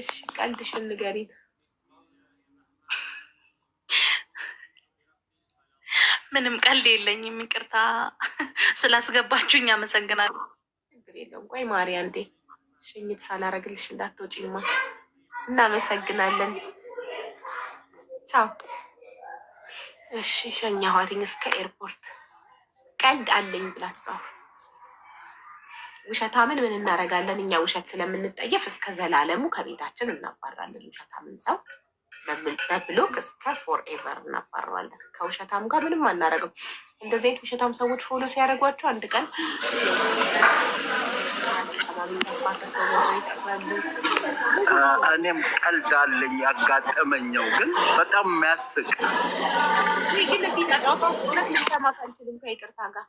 እሺ ቀልድሽን ንገሪን። ምንም ቀልድ የለኝም። ይቅርታ ስላስገባችሁኝ አመሰግናለሁ። ችግር የለም። ቆይ ማሪ አንዴ ሽኝት ሳላረግልሽ እንዳትወጪማ። እናመሰግናለን። ቻው። እሺ ሸኛኋትኝ እስከ ኤርፖርት። ቀልድ አለኝ ብላችሁ ጻፉ። ውሸታምን ምን እናደርጋለን እኛ ውሸት ስለምንጠየፍ እስከ ዘላለሙ ከቤታችን እናባራለን። ውሸታምን ሰው በብሎክ እስከ ፎር ኤቨር እናባረዋለን። ከውሸታም ጋር ምንም አናደርግም። እንደዚህ አይነት ውሸታም ሰዎች ፎሎ ሲያደርጓቸው አንድ ቀን እኔም ቀልድ አለኝ ያጋጠመኛው ግን በጣም የሚያስቅ ግን ፊት አጫውታ ሁለት ልሰማ አንችልም ከይቅርታ ጋር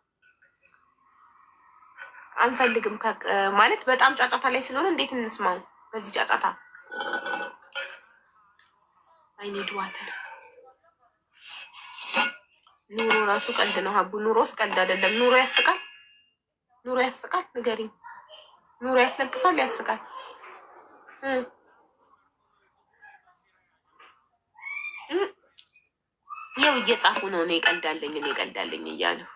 አንፈልግም ማለት በጣም ጫጫታ ላይ ስለሆነ እንዴት እንስማው? በዚህ ጫጫታ አይኔድ ዋተር ኑሮ ራሱ ቀልድ ነው። ሀቡ ኑሮስ ቀልድ አይደለም። ኑሮ ያስቃል። ኑሮ ያስቃል። ንገሪኝ። ኑሮ ያስለቅሳል፣ ያስቃል። ይኸው እየጻፉ ነው። እኔ ቀልዳለኝ፣ እኔ ቀልዳለኝ እያለሁ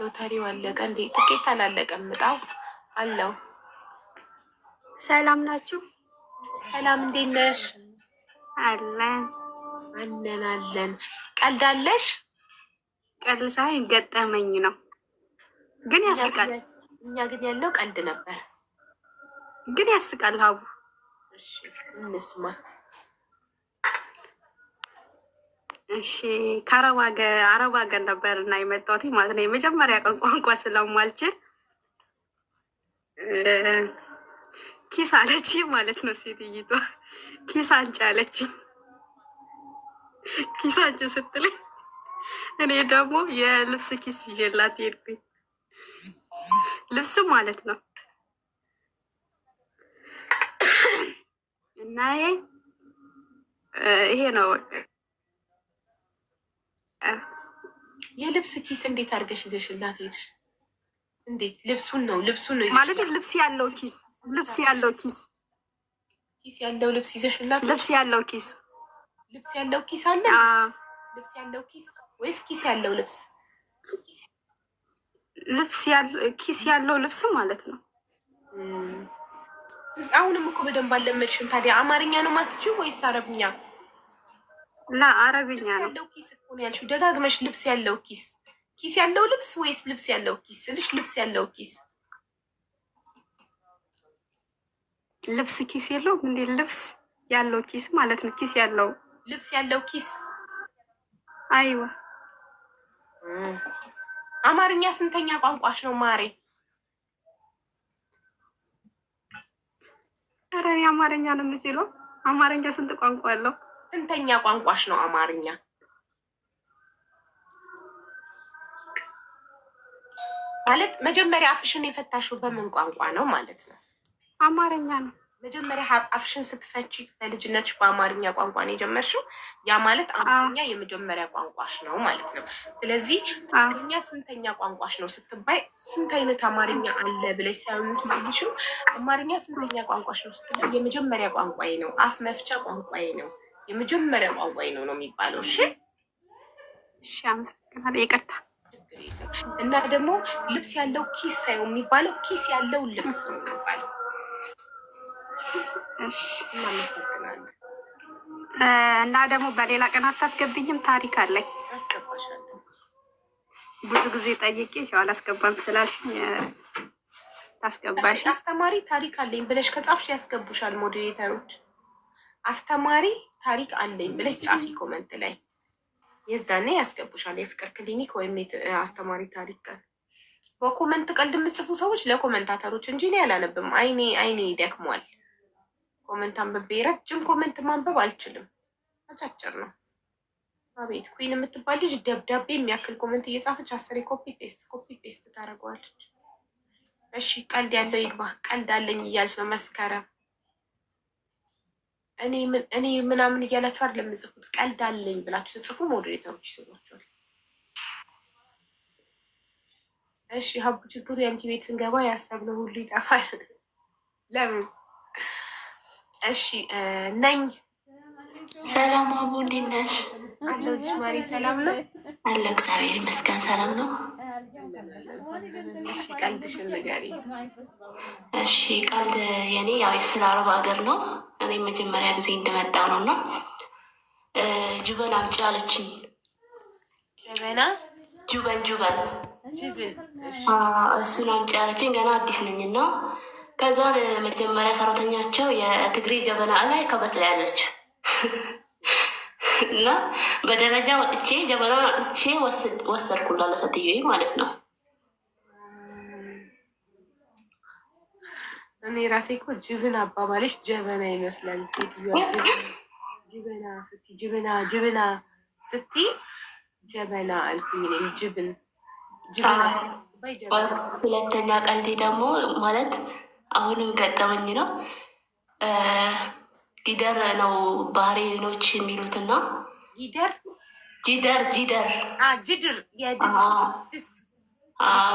ሎተሪው አለቀ እንዴ? ትኬት አላለቀም። እጣው አለው። ሰላም ናችሁ? ሰላም እንዴት ነሽ? አለን አለን አለን። ቀልዳለሽ? ቀልድ ሳይሆን ገጠመኝ ነው፣ ግን ያስቃል። እኛ ግን ያለው ቀልድ ነበር፣ ግን ያስቃል። ሀቡ እንስማ እሺ ከአረብ ሀገር ነበር እና የመጣሁት ማለት ነው። የመጀመሪያ ቀን ቋንቋ ስለማልችል ኪስ አለች ማለት ነው። ሴትዮዋ ኪስ አንቺ አለች። ኪስ አንቺ ስትለኝ እኔ ደግሞ የልብስ ኪስ ይዤላት ሄድኩኝ። ልብስ ማለት ነው እና ይሄ ነው በቃ የልብስ ኪስ እንዴት አድርገሽ ይዘሽላት ሄድሽ? እንዴት ልብሱን ነው ልብሱን ነው ማለት ልብስ ያለው ኪስ ልብስ ያለው ኪስ ኪስ ያለው ልብስ ይዘሽላት ልብስ ያለው ኪስ ልብስ ያለው ኪስ አለ ልብስ ያለው ኪስ ወይስ ኪስ ያለው ልብስ? ልብስ ኪስ ያለው ልብስ ማለት ነው። አሁንም እኮ በደንብ አልለመድሽም። ታዲያ አማርኛ ነው ማትችው ወይስ አረብኛ? ላ አረብኛ ነው ያልሽው። ደጋግመሽ ልብስ ያለው ኪስ ኪስ ያለው ልብስ ወይስ ልብስ ያለው ኪስ ስልሽ፣ ልብስ ያለው ኪስ ልብስ ኪስ የለው እንዴ? ልብስ ያለው ኪስ ማለት ነው። ኪስ ያለው ልብስ ያለው ኪስ። አይዋ አማርኛ ስንተኛ ቋንቋሽ ነው ማሬ? ኧረ እኔ አማርኛ ነው የምችለው። አማርኛ ስንት ቋንቋ አለው? ስንተኛ ቋንቋሽ ነው? አማርኛ። ማለት መጀመሪያ አፍሽን የፈታሽው በምን ቋንቋ ነው ማለት ነው? አማርኛ ነው። መጀመሪያ አፍሽን ስትፈቺ በልጅነትሽ በአማርኛ ቋንቋ ነው የጀመርሽው። ያ ማለት አማርኛ የመጀመሪያ ቋንቋሽ ነው ማለት ነው። ስለዚህ አማርኛ ስንተኛ ቋንቋሽ ነው ስትባይ ስንት አይነት አማርኛ አለ ብለሽ ሳይሆንሽ አማርኛ ስንተኛ ቋንቋሽ ነው ስትባይ የመጀመሪያ ቋንቋዬ ነው፣ አፍ መፍቻ ቋንቋዬ ነው የመጀመሪያው አዋይ ነው ነው የሚባለው። እሺ እሺ፣ አመሰግናለሁ። ይቅርታ እና ደግሞ ልብስ ያለው ኪስ ሳይሆን የሚባለው ኪስ ያለው ልብስ ነው የሚባለው። እሺ፣ አመሰግናለሁ። እና ደግሞ በሌላ ቀን አታስገብኝም? ታሪክ አለኝ ብዙ ጊዜ ጠይቄ ጠይቄሽ አላስገባም ስላልሽኝ ታስገባሽ። አስተማሪ ታሪክ አለኝ ብለሽ ከጻፍሽ ያስገቡሻል ሞዴሬተሮች አስተማሪ ታሪክ አለኝ ብለሽ ጻፊ ኮመንት ላይ የዛኔ ያስገቡሻል። የፍቅር ክሊኒክ ወይም አስተማሪ ታሪክ ቀን በኮመንት ቀልድ የምጽፉ ሰዎች ለኮመንታተሮች እንጂ እኔ አላነብም። አይኔ አይኔ ይደክሟል። ኮመንት አንብቤ ረጅም ኮመንት ማንበብ አልችልም። አጫጭር ነው። አቤት ኩን የምትባል ልጅ ደብዳቤ የሚያክል ኮመንት እየጻፈች አስሬ ኮፒ ፔስት ኮፒ ፔስት ታደርገዋለች። እሺ ቀልድ ያለው ይግባ። ቀልድ አለኝ እያልሽ ነው መስከረም እኔ ምናምን እያላችሁ አይደለም የምጽፉት። ቀልድ አለኝ ብላችሁ ስጽፉ ሞዴሬተሮች ይስባችኋል። እሺ ሀቡ፣ ችግሩ የአንቺ ቤት ስንገባ ያሰብነው ሁሉ ይጠፋል። ለምን? እሺ ነኝ። ሰላም አቡ፣ እንዴት ነሽ? አለሁልሽ ማሪ። ሰላም ነው አለው። እግዚአብሔር ይመስገን ሰላም ነው። እሺ ቀልድ የኔ ያው ስለ አረብ ሀገር ነው። እኔ መጀመሪያ ጊዜ እንደመጣ ነው እና ጁበን አምጪ አለችኝ። ጁበና ጁበን ጁበን እሱን አምጪ አለችኝ። ገና አዲስ ነኝ እና ከዛ መጀመሪያ ሰራተኛቸው የትግሬ ጀበና ላይ ከበት ላይ አለች እና በደረጃ ወጥቼ ጀበና ወጥቼ ወሰድኩላ ለሰትዮ ማለት ነው። እኔ ራሴ እኮ ጅብን አባባለች ጀበና ይመስላል። ሴትዮዋ ጅበና ስቲ ጅብና ጅብና ስቲ ጀበና አልኩኝ። ጅብን ሁለተኛ ቀልዴ ደግሞ ማለት አሁንም ገጠመኝ ነው። ጊደር ነው ባህሬኖች የሚሉትና ጊደር ጂደር ጂደር ጅድር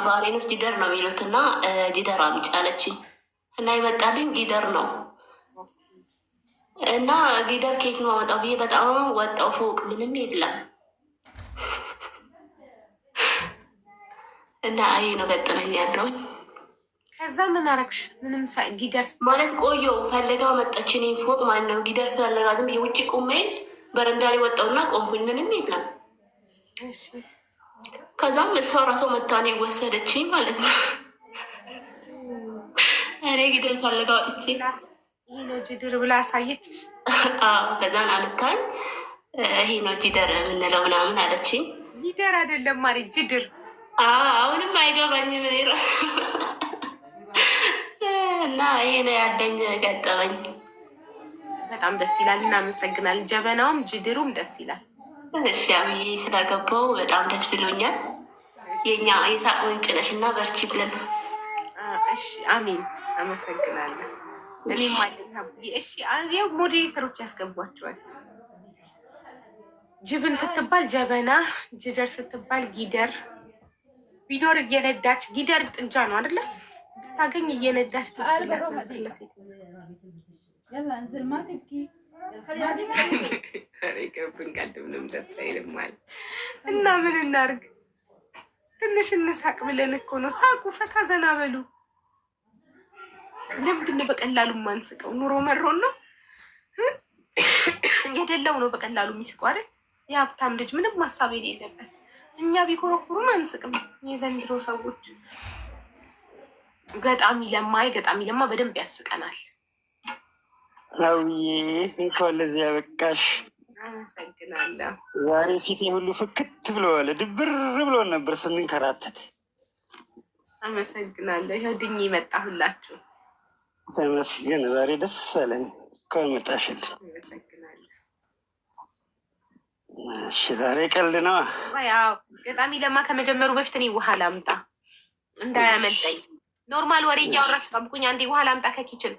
ባህሬኖች ጊደር ነው የሚሉት እና ጊደር አምጪ አለችኝ እና የመጣልኝ ጊደር ነው እና ጊደር ኬት ነው ማመጣው ብዬ በጣም ወጣው ፎቅ ምንም የለም እና አይ ነው ገጠመኝ ያለውኝ ከዛ ምን አረግሽ? ምንም ጊደርስ ማለት ቆየሁ። ፈለጋ መጣች። እኔን ፎቅ ማለት ነው ጊደርስ ፈለጋ። የውጭ ብዬ ቁሜ በረንዳ ላይ ወጣውና ቆምኩኝ። ምንም የለም። ከዛም እሷ ራሷ መታኔ ወሰደችኝ ማለት ነው። እኔ ጊደር ፈለጋ ወጥቼ ጅድር ብላ አሳየች። ከዛን አምታኝ ይሄ ነው ጅደር የምንለው ምናምን አለችኝ። ጊደር አይደለም ማለት ጅድር። አሁንም አይገባኝም ራ እና ይሄ ነው ያለኝ ገጠመኝ። በጣም ደስ ይላል። እናመሰግናል። ጀበናውም ጅድሩም ደስ ይላል። እሺ አብዬ ስለገባው በጣም ደስ ብሎኛል። የኛ የሳቅ ምንጭ ነሽ እና በርችልን። እሺ አሚን አመሰግናለን። እኔም እሺ ያው ሞዴሬተሮች ያስገቧቸዋል። ጅብን ስትባል ጀበና፣ ጅደር ስትባል ጊደር ቢኖር እየነዳች ጊደር ጥጃ ነው አይደለም ታገኝ እየነዳሽ ይቅርብን። ቀድምንም እና ምን እናርግ? ትንሽ እንሳቅ ብለን እኮ ነው። ሳቁ፣ ፈታ፣ ዘና በሉ። ለምንድን ነው በቀላሉ የማንስቀው? ኑሮ መሮን ነው የደለው ነው በቀላሉ የሚስቁ አይደል? የሀብታም ልጅ ምንም ማሳብ የሌለበት እኛ ቢኮረኩሩም አንስቅም። የዘንድሮ ሰዎች ገጣሚ ለማይ ገጣሚ ለማ በደንብ ያስቀናል። ሰውዬ እንኳን ለዚህ ያበቃሽ። አመሰግናለሁ። ዛሬ ፊቴ ሁሉ ፍክት ብለዋል። ድብር ብሎን ነበር ስንንከራተት። አመሰግናለሁ። ይኸው ድኝ ይመጣሁላችሁ። ተመስገን። ዛሬ ደስ አለን። እንኳን መጣሽልን። እሺ ዛሬ ቀልድ ነው። ገጣሚ ለማ ከመጀመሩ በፊት እኔ ውሃ ላምጣ እንዳያመልጠኝ። ኖርማል ወሬ እያወራች ጠብቁኝ አንዴ፣ ውሃ ላምጣ ከኪችን።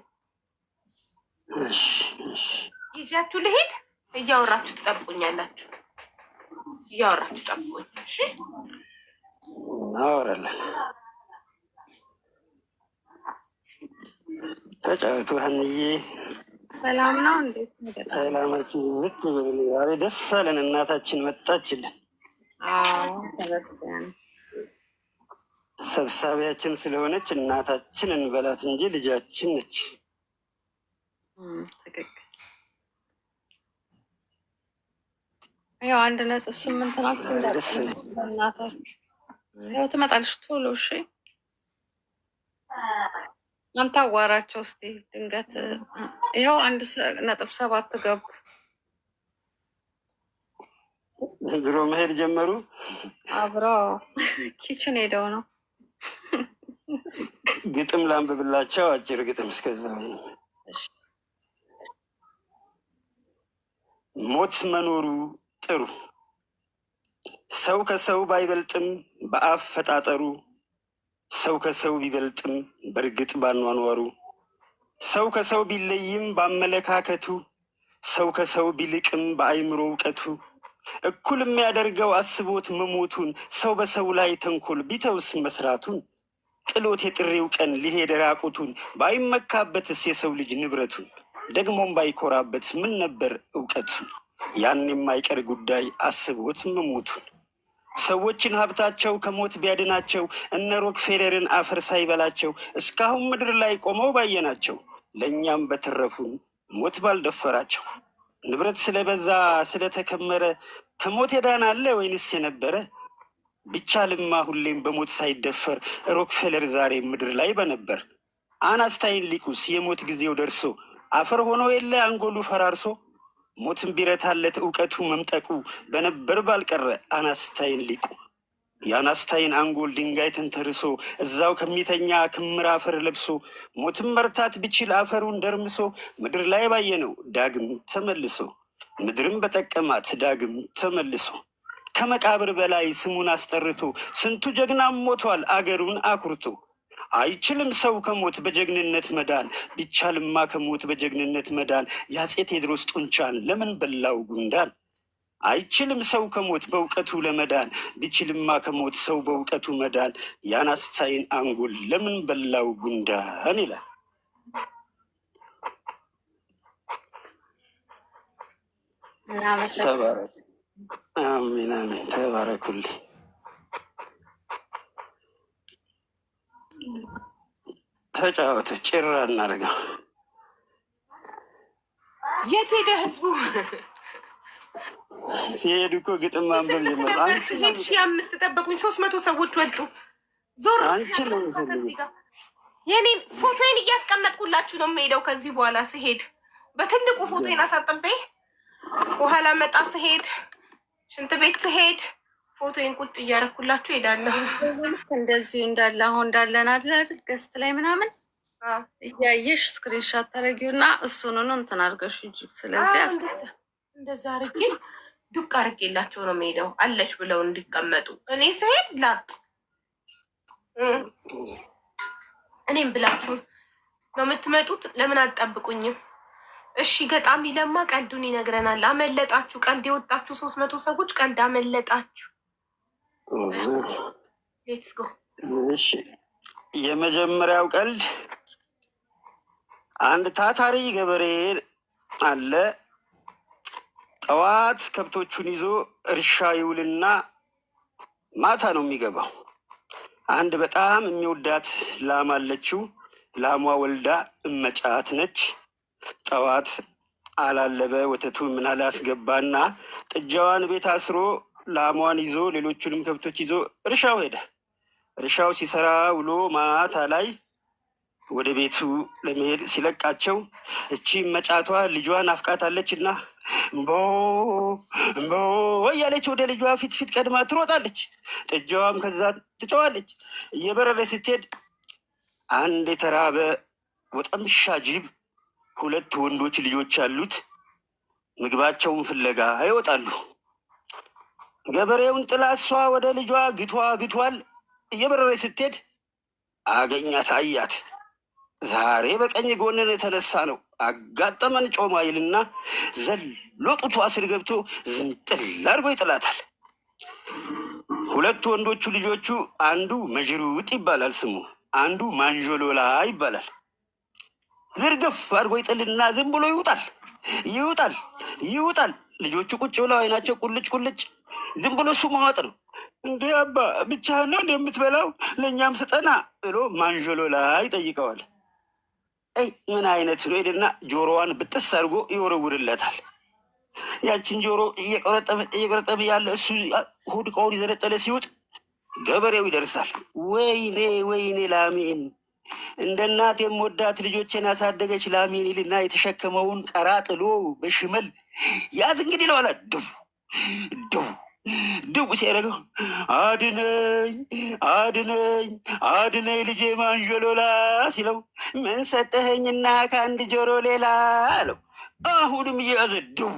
ይዣችሁ ልሄድ። እያወራችሁ ትጠብቁኛላችሁ። እያወራችሁ ጠብቁኝ። እሺ፣ እናወራለን። ተጫወቱ። ሀንዬ ሰላም ነው? እንዴት ሰላማችን ዝት ብል። ዛሬ ደስ አለን። እናታችን መጣችልን። ተመስገን ሰብሳቢያችን ስለሆነች እናታችን እንበላት እንጂ ልጃችን ነች። ያው አንድ ነጥብ ስምንት ናት። ያው ትመጣለች ቶሎ። እሺ አንተ አዋራቸው እስቲ ድንገት። ይኸው አንድ ነጥብ ሰባት ገቡ። ድሮ መሄድ ጀመሩ። አብረው ኪችን ሄደው ነው ግጥም ላንብብላቸው፣ አጭር ግጥም እስከዛ። ሞት መኖሩ ጥሩ ሰው ከሰው ባይበልጥም በአፍ ፈጣጠሩ ሰው ከሰው ቢበልጥም በእርግጥ ባኗኗሩ ሰው ከሰው ቢለይም በአመለካከቱ ሰው ከሰው ቢልቅም በአይምሮ እውቀቱ እኩል የሚያደርገው አስቦት መሞቱን ሰው በሰው ላይ ተንኮል ቢተውስ መስራቱን ጥሎት የጥሪው ቀን ሊሄድ ራቁቱን ባይመካበትስ የሰው ልጅ ንብረቱን ደግሞም ባይኮራበት ምን ነበር እውቀቱን ያን የማይቀር ጉዳይ አስቦት መሞቱን ሰዎችን ሀብታቸው ከሞት ቢያድናቸው እነ ሮክፌለርን አፈር ሳይበላቸው እስካሁን ምድር ላይ ቆመው ባየናቸው ለእኛም በተረፉን ሞት ባልደፈራቸው ንብረት ስለበዛ ስለተከመረ ከሞት የዳን አለ ወይንስ የነበረ ልማ ሁሌም በሞት ሳይደፈር ሮክፌለር ዛሬ ምድር ላይ በነበር። አናስታይን ሊቁስ የሞት ጊዜው ደርሶ አፈር ሆኖ የለ አንጎሉ ፈራርሶ ሞትን ቢረታለት እውቀቱ መምጠቁ በነበር ባልቀረ አናስታይን ሊቁ የአናስታይን አንጎል ድንጋይ ተንተርሶ እዛው ከሚተኛ ክምር አፈር ለብሶ ሞትን መርታት ብችል አፈሩን ደርምሶ ምድር ላይ ባየነው ዳግም ተመልሶ ምድርም በጠቀማት ዳግም ተመልሶ ከመቃብር በላይ ስሙን አስጠርቶ ስንቱ ጀግናም ሞቷል አገሩን አኩርቶ። አይችልም ሰው ከሞት በጀግንነት መዳን ቢቻልማ ከሞት በጀግንነት መዳን የአጼ ቴዎድሮስ ጡንቻን ለምን በላው ጉንዳን? አይችልም ሰው ከሞት በእውቀቱ ለመዳን ቢችልማ ከሞት ሰው በእውቀቱ መዳን የአናስታይን አንጎል ለምን በላው ጉንዳን ይላል። አሜን አሜን። ተባረኩልኝ። ተጫወቱ። ጭራ እናርገው። የት ሄደ ህዝቡ? ሲሄድ እኮ ግጥም ማንበብ ጀመረ። አንቺ ሺ አምስት ጠበቁኝ። ሶስት መቶ ሰዎች ወጡ። ዞር የኔን ፎቶዬን እያስቀመጥኩላችሁ ነው የምሄደው። ከዚህ በኋላ ስሄድ በትልቁ ፎቶዬን አሳጥቤ በኋላ መጣ ስሄድ ሽንት ቤት ስሄድ ፎቶዬን ቁጭ እያረኩላችሁ ሄዳለሁ። እንደዚሁ እንዳለ አሁን እንዳለን አለ አይደል ገስት ላይ ምናምን እያየሽ ስክሪንሻት ታደረጊው እና እሱንኑ እንትን አድርገሽ እጅግ ስለዚህ እንደዛ አርጌ ዱቅ አድርጌላቸው ነው የምሄደው አለች ብለው እንዲቀመጡ እኔ ስሄድ ላጥ እኔም ብላችሁ ነው የምትመጡት ለምን አትጠብቁኝም? እሺ ገጣሚ ለማ ቀልዱን ይነግረናል። አመለጣችሁ። ቀልድ የወጣችሁ ሶስት መቶ ሰዎች ቀልድ አመለጣችሁ። ሌትስ ጎ። እሺ የመጀመሪያው ቀልድ አንድ ታታሪ ገበሬ አለ ጠዋት ከብቶቹን ይዞ እርሻ ይውልና ማታ ነው የሚገባው። አንድ በጣም የሚወዳት ላም አለችው። ላሟ ወልዳ እመጫት ነች። ጠዋት አላለበ ወተቱ ምና ላስገባና ጥጃዋን ቤት አስሮ ላሟን ይዞ ሌሎቹንም ከብቶች ይዞ እርሻው ሄደ። እርሻው ሲሰራ ውሎ ማታ ላይ ወደ ቤቱ ለመሄድ ሲለቃቸው እቺ መጫቷ ልጇን አፍቃታለች እና እምቦ እምቦ እያለች ወደ ልጇ ፊት ፊት ቀድማ ትሮጣለች። ጥጃዋም ከዛ ትጨዋለች። እየበረረ ስትሄድ አንድ የተራበ ወጠምሻ ጅብ ሁለት ወንዶች ልጆች ያሉት ምግባቸውን ፍለጋ ይወጣሉ። ገበሬውን ጥላ እሷ ወደ ልጇ ግቷ ግቷል። እየበረረ ስትሄድ አገኛት፣ አያት ዛሬ በቀኝ ጎንን የተነሳ ነው። አጋጠመን ጮማ ይልና ዘሎ ጡቱ አስር ገብቶ ዝንጥል አድርጎ ይጥላታል። ሁለቱ ወንዶቹ ልጆቹ አንዱ መጅሩጥ ይባላል ስሙ፣ አንዱ ማንጆሎላ ይባላል። ዝርግፍ አድርጎ ይጥልና ዝም ብሎ ይውጣል፣ ይውጣል፣ ይውጣል። ልጆቹ ቁጭ ብለው አይናቸው ቁልጭ ቁልጭ፣ ዝም ብሎ እሱ መዋጥ ነው። እንዴ አባ ብቻህን ነው እንደምትበላው? ለእኛም ስጠና ብሎ ማንጆሎላ ይጠይቀዋል። አይ ምን አይነት ብሎ ሄደና ጆሮዋን ብጥስ አድርጎ ይወረውርለታል። ያችን ጆሮ እየቆረጠመ ያለ እሱ ሆድ ዕቃውን የዘነጠለ ሲውጥ ገበሬው ይደርሳል። ወይኔ ወይኔ ላሚን እንደ እናት የምወዳት ልጆቼን ያሳደገች ላሜን ይልና የተሸከመውን ቀራ ጥሎ በሽመል ያዝ እንግዲህ ለዋላ ድቡ ድቡ ድቡ ሲያደርገው አድነኝ አድነኝ አድነኝ ልጄ ማንዦሎላ ሲለው ምን ሰጠኸኝና ከአንድ ጆሮ ሌላ አለው። አሁንም እየያዘ ድቡ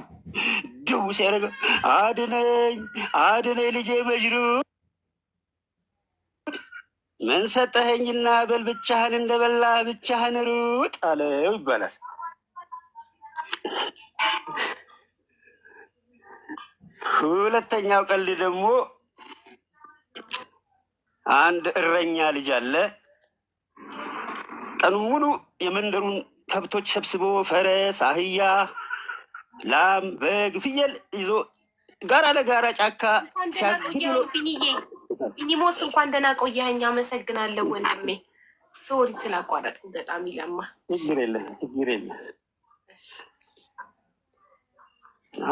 ድቡ ሲያደርገው አድነኝ አድነኝ ልጄ መጅኑን ምን ሰጠኸኝና በል ብቻህን እንደበላ ብቻህን ሩጥ አለው ይባላል። ሁለተኛው ቀልድ ደግሞ አንድ እረኛ ልጅ አለ። ቀኑ ሙሉ የመንደሩን ከብቶች ሰብስቦ ፈረስ፣ አህያ፣ ላም፣ በግ፣ ፍየል ይዞ ጋራ ለጋራ ጫካ ሲያግኒሞስ እንኳን ደህና ቆየኸኝ። አመሰግናለሁ ወንድሜ። ሶሪ ስላቋረጥኩ በጣም ይለማ። ችግር የለም ችግር የለም።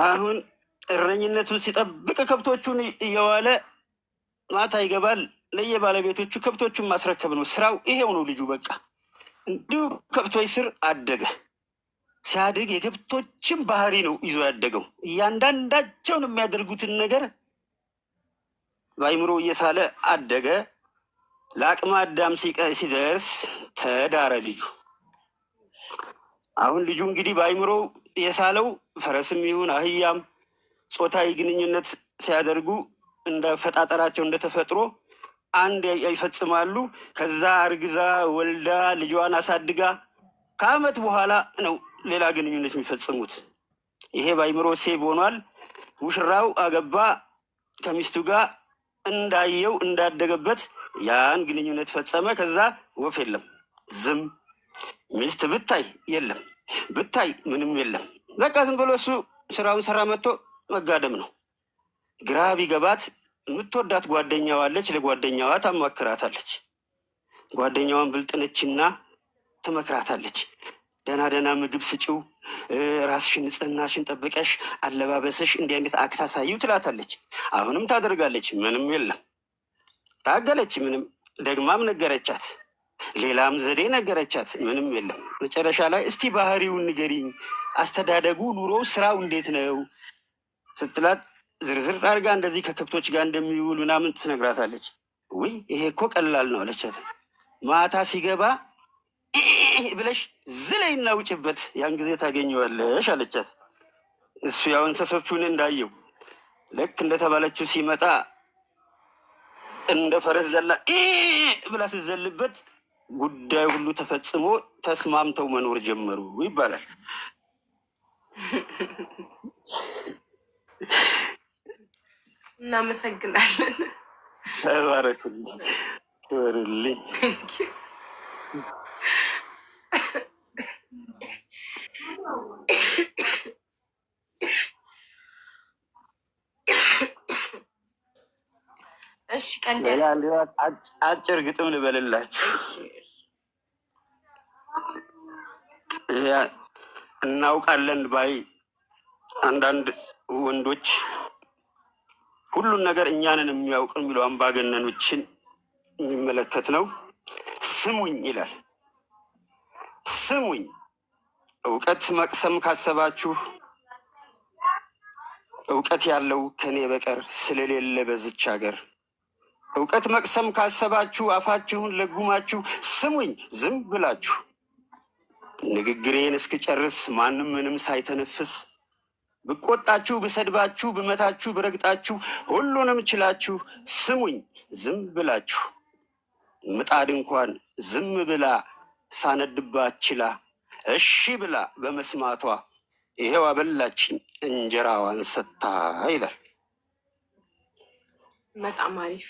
አሁን እረኝነቱን ሲጠብቅ ከብቶቹን እየዋለ ማታ ይገባል። ለየባለቤቶቹ ከብቶቹን ማስረከብ ነው ስራው፣ ይሄው ነው ልጁ። በቃ እንዲሁ ከብቶች ስር አደገ። ሲያድግ የከብቶችን ባህሪ ነው ይዞ ያደገው። እያንዳንዳቸውን የሚያደርጉትን ነገር በአይምሮ እየሳለ አደገ። ለአቅመ አዳም ሲደርስ ተዳረ ልጁ። አሁን ልጁ እንግዲህ በአይምሮ የሳለው ፈረስም ይሁን አህያም ጾታዊ ግንኙነት ሲያደርጉ እንደ ፈጣጠራቸው እንደ ተፈጥሮ አንድ ይፈጽማሉ። ከዛ አርግዛ ወልዳ ልጇን አሳድጋ ከአመት በኋላ ነው ሌላ ግንኙነት የሚፈጽሙት። ይሄ በአይምሮ ሴብ ሆኗል። ውሽራው አገባ ከሚስቱ ጋር እንዳየው እንዳደገበት ያን ግንኙነት ፈጸመ። ከዛ ወፍ የለም፣ ዝም ሚስት ብታይ የለም፣ ብታይ ምንም የለም። በቃ ዝም ብሎ እሱ ስራውን ሰራ መጥቶ መጋደም ነው። ግራ ቢገባት የምትወዳት ጓደኛዋ አለች። ለጓደኛዋ ታማክራታለች። ጓደኛዋን ብልጥነችና ትመክራታለች። ደህና ደህና ምግብ ስጪው፣ ራስሽን ንጽህናሽን ጠብቀሽ አለባበስሽ እንዲህ አይነት አክት አሳይው ትላታለች። አሁንም ታደርጋለች። ምንም የለም። ታገለች። ምንም ደግማም ነገረቻት። ሌላም ዘዴ ነገረቻት። ምንም የለም። መጨረሻ ላይ እስቲ ባህሪውን ንገሪኝ፣ አስተዳደጉ፣ ኑሮው፣ ስራው እንዴት ነው ስትላት ዝርዝር አድርጋ እንደዚህ ከከብቶች ጋር እንደሚውሉ ምናምን ትነግራታለች። ውይ ይሄ እኮ ቀላል ነው አለቻት። ማታ ሲገባ ብለሽ ዝለይ እናውጭበት ያን ጊዜ ታገኘዋለሽ አለቻት። እሱ ያው እንሰሶቹን እንዳየው ልክ እንደተባለችው ሲመጣ እንደ ፈረስ ዘላ ብላ ስትዘልበት ጉዳዩ ሁሉ ተፈጽሞ ተስማምተው መኖር ጀመሩ ይባላል። እናመሰግናለን። ተባረኩልኝ፣ ትበሩልኝ። አጭር ግጥም ልበልላችሁ። እናውቃለን ባይ አንዳንድ ወንዶች ሁሉን ነገር እኛንን የሚያውቅን የሚለው አምባገነኖችን የሚመለከት ነው። ስሙኝ ይላል። ስሙኝ እውቀት መቅሰም ካሰባችሁ እውቀት ያለው ከኔ በቀር ስለሌለ በዝች ሀገር እውቀት መቅሰም ካሰባችሁ አፋችሁን ለጉማችሁ ስሙኝ። ዝም ብላችሁ ንግግሬን እስክጨርስ ማንም ምንም ሳይተነፍስ ብቆጣችሁ፣ ብሰድባችሁ፣ ብመታችሁ፣ ብረግጣችሁ ሁሉንም ችላችሁ ስሙኝ ዝም ብላችሁ ምጣድ እንኳን ዝም ብላ ሳነድባት ችላ እሺ ብላ በመስማቷ ይሄው አበላችኝ እንጀራዋን ሰታ ይላል። በጣም አሪፍ፣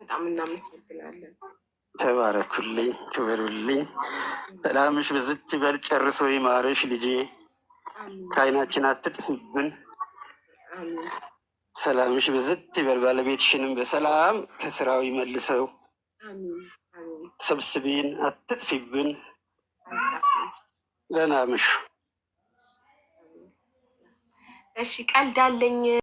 በጣም እናመሰግናለን። ተባረኩልኝ፣ ክበሩልኝ። ሰላምሽ ብዝት በል። ጨርሶ ይማረሽ ልጄ። ከዓይናችን አትጥፊብን። ሰላምሽ ብዝት ይበል። ባለቤትሽንም በሰላም ከስራው ይመልሰው። ሰብስቢን፣ አትጥፊብን። ለናምሹ እሺ ቀልድ አለኝ።